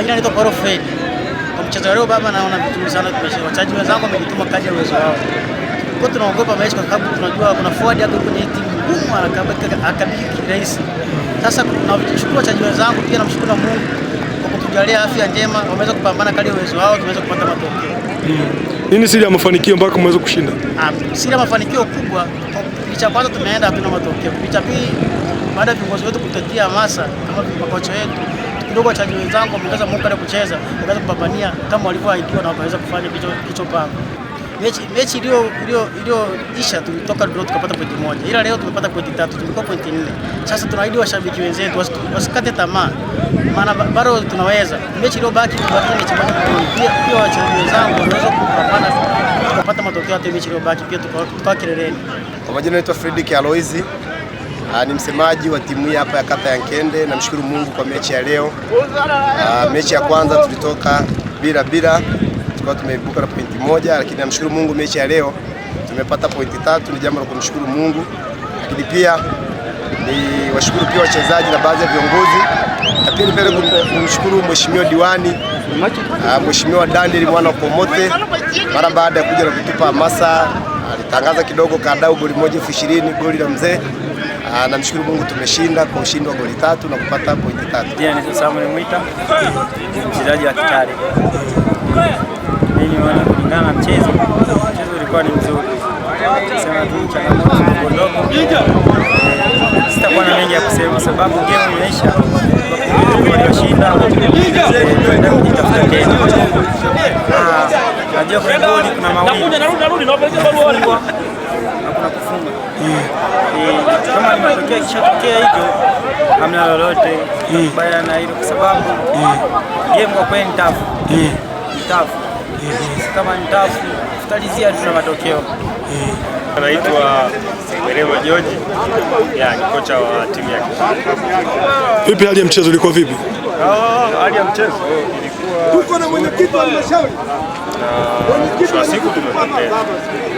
majina anaitwa Paulo Fred. Kwa mchezo wa leo baba, naona vizuri sana, tumeshinda. Wachezaji wenzangu wamejituma kadri ya uwezo wao. Kwa tunaogopa mechi kwa sababu tunajua kuna forward hapo kwenye timu ngumu akabiki kirahisi. Sasa tunawashukuru wachezaji wenzangu, pia namshukuru Mungu kwa kutujalia afya njema, wameweza kupambana kadri ya uwezo wao, tumeweza kupata matokeo. Hmm. Nini siri ya mafanikio mpaka umeweza kushinda? Ah, siri ya mafanikio kubwa, kipindi cha kwanza tumeenda hatuna matokeo. Kipindi cha pili baada ya viongozi wetu kutetia hamasa kama kwa kocha wetu kidogo wachezaji zangu mkaza muda wa kucheza, mkaza kupambania kama walivyoahidiwa na wakaweza kufanya kicho kilichopangwa. Mechi mechi isha tulitoka draw tukapata pointi moja, ila leo tumepata pointi tatu, tumekuwa pointi nne. Sasa tunaahidi washabiki wenzetu wasikate tamaa, maana bado tunaweza. Mechi baki tubaki mechi moja pia, pia wachezaji wenzangu wameweza kupambana tukapata matokeo hata mechi baki pia tukawa kileleni. Kwa majina naitwa Fredrick Aloizi. Aa, ah, ni msemaji wa timu hii hapa ya kata ya Nkende. Namshukuru Mungu kwa mechi ya leo. Aa, ah, mechi ya kwanza tulitoka bila bila, tukawa tumeibuka na pointi moja, lakini namshukuru Mungu mechi ya leo tumepata pointi tatu, ni jambo la kumshukuru Mungu, lakini pia ni washukuru pia wachezaji na baadhi ya viongozi, na pia nipende kumshukuru mheshimiwa diwani ah, Mheshimiwa Daniel mwana wa Komote, mara baada ya kuja na kutupa hamasa, alitangaza kidogo kadau goli moja elfu ishirini goli la mzee Ah, na mshukuru Mungu tumeshinda kwa ushindi wa goli tatu na kupata pointi tatu. Jina ni Samuel Mwita, mchezaji wa Kitale. Mimi Nimeona kulingana na mchezo, mchezo ulikuwa ni mzuri. Sema tu changamoto ndogo. Eh, sitakuwa na mengi ya kusema sababu game imeisha. Walioshinda ndio kujitafuta tena. Ah, najua kuna maoni kama limetokea, kishatokea hivyo hamna lolote eh. baya na hilo, kwa sababu eh. game kwa kweli ni tafu, eh. ni tafu. Kama ni tafu, tutalizia tuna matokeo. Anaitwa Mwerema George, ni kocha wa timu ya. Vipi hali ya mchezo ulikuwa vipi? hali ya mchezo tuko na mwenyekiti wa halmashauri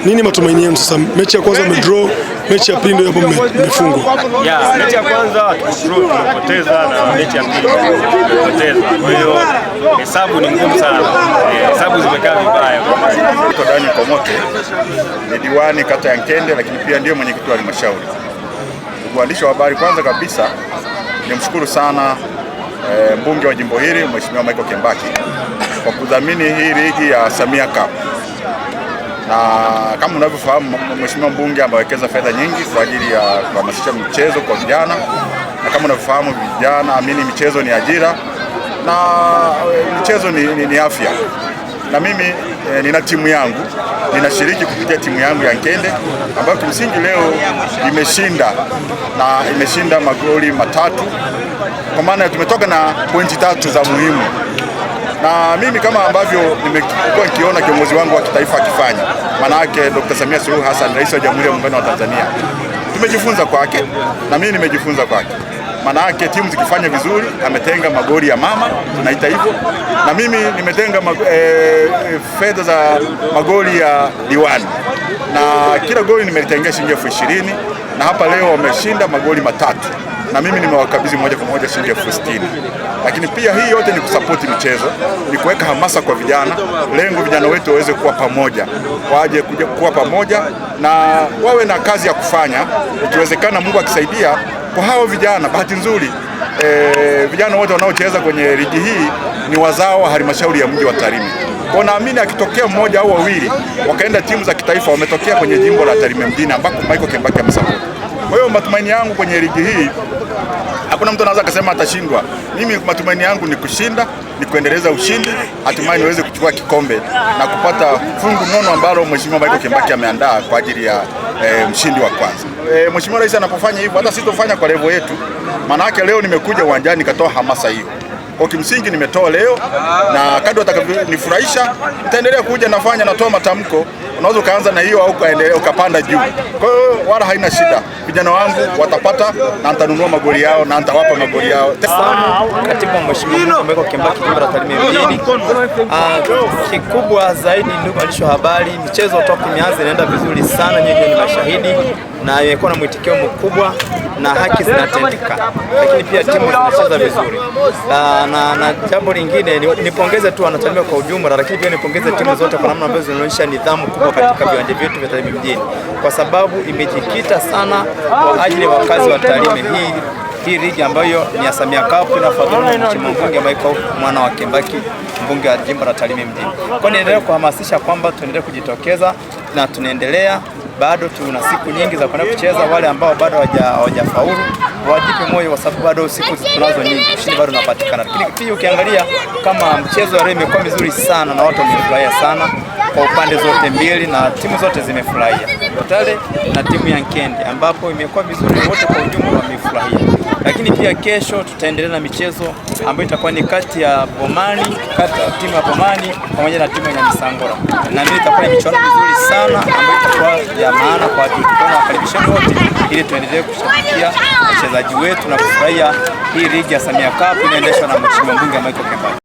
nini matumaini yenu sasa? Mechi ya kwanza umedraw, mechi ya pili ndio hapo mmefungwa. Yeah, mechi ya kwanza tumepoteza na mechi ya pili tumepoteza. Kwa hiyo hesabu ni ngumu sana. Eh, hesabu zimekaa vibaya. Kwa ndani kwa moto. Ni diwani kata ya Nkende lakini pia ndio mwenyekiti wa halmashauri. Waandishi wa habari, kwanza kabisa nimshukuru sana e, mbunge wa jimbo hili Mheshimiwa Michael Kembaki kwa kudhamini hii ligi ya Samia Cup, na kama unavyofahamu Mheshimiwa mbunge amewekeza fedha nyingi kwa ajili ya kuhamasisha michezo kwa vijana, na kama unavyofahamu vijana amini, michezo ni ajira na eh, michezo ni, ni, ni afya, na mimi e, nina timu yangu ninashiriki kupitia timu yangu ya Nkende ambayo kimsingi leo imeshinda na imeshinda magoli matatu, kwa maana tumetoka na pointi tatu za muhimu na mimi kama ambavyo nimekuwa nikiona kiongozi wangu wa kitaifa akifanya, maana yake Dr. Samia Suluhu Hassan, rais wa Jamhuri ya Muungano wa Tanzania, tumejifunza kwake na mimi nimejifunza kwake. Manake timu zikifanya vizuri ametenga magoli ya mama, tunaita hivyo, na mimi nimetenga e, fedha za magoli ya diwani, na kila goli nimelitengea shilingi elfu ishirini na hapa leo wameshinda magoli matatu na mimi nimewakabidhi moja kwa moja shilingi elfu sitini. Lakini pia hii yote ni kusapoti michezo, ni kuweka hamasa kwa vijana. Lengo vijana wetu waweze kuwa pamoja, waje kuwa pamoja na wawe na kazi ya kufanya, ikiwezekana Mungu akisaidia kwa hao vijana, bahati nzuri e, vijana wote wanaocheza kwenye ligi hii ni wazao wa halmashauri ya mji wa Tarime. Kwa naamini akitokea mmoja au wawili wakaenda timu za kitaifa, wametokea kwenye jimbo la Tarime mjini ambako Michael Kembaki amesapoti. Kwa hiyo matumaini yangu kwenye ligi hii hakuna mtu anaweza akasema atashindwa. Mimi matumaini yangu ni kushinda, ni kuendeleza ushindi, hatimaye niweze kuchukua kikombe na kupata fungu nono ambalo Mheshimiwa Michael Kembaki ameandaa kwa ajili ya e, mshindi wa kwanza e, Mheshimiwa Rais anapofanya hivyo, hata sisi tufanya kwa level yetu. Maana yake leo nimekuja uwanjani nikatoa hamasa hiyo kwa kimsingi nimetoa leo, na kadri atakavyonifurahisha nitaendelea kuja nafanya, natoa matamko unaweza ukaanza na hiyo au ukaendelea ukapanda juu. Kwa hiyo wala haina shida, vijana wangu watapata na nitanunua magoli yao na nitawapa magoli yao. Katibu Mheshimiwa Meko Kimbaki Kimara Tarime mjini. Ah, kikubwa zaidi, ndugu waandishi wa habari, michezo toka imeanza inaenda vizuri sana, nyinyi ni mashahidi, na imekuwa na mwitikio mkubwa na haki zinatendeka, lakini pia timu zinacheza vizuri na, ah, na, na jambo lingine nipongeze tu wanatamia kwa ujumla, lakini pia nipongeze timu zote kwa namna ambazo zinaonyesha nidhamu kubwa kubwa katika viwanja vyetu vya Tarime mjini, kwa sababu imejikita sana kwa ajili ya wakazi wa Tarime hii hii ligi ambayo ni ya Samia Cup na fadhili na mheshimiwa mbunge Michael mwana wa Kembaki, mbunge wa jimbo la Tarime mjini. Kwa niendelea kuhamasisha kwamba tuendelee kujitokeza na tunaendelea bado tuna siku nyingi za kwenda kucheza. Wale ambao bado hawajafaulu wajipe moyo, kwa sababu bado siku tunazo nyingi, ushindi bado unapatikana. Lakini pia ukiangalia kama mchezo wa leo imekuwa mizuri sana na watu wamefurahia sana kwa upande zote mbili na timu zote zimefurahia, Rotare na timu ya Nkende, ambapo imekuwa vizuri, wote kwa ujumla wamefurahia. Lakini pia kesho tutaendelea na michezo ambayo itakuwa ni kati ya Bomani, kati ya timu ya Bomani pamoja na timu ya Nyamisangora, na mimi itakuwa ni michuano mizuri sana ambayo itakuwa ya maana kwa na wakaribisha wote, ili tuendelee kushabikia wachezaji wetu na kufurahia hii ligi ya Samia Cup inaendeshwa na Mheshimiwa Mbunge Michael Kembani.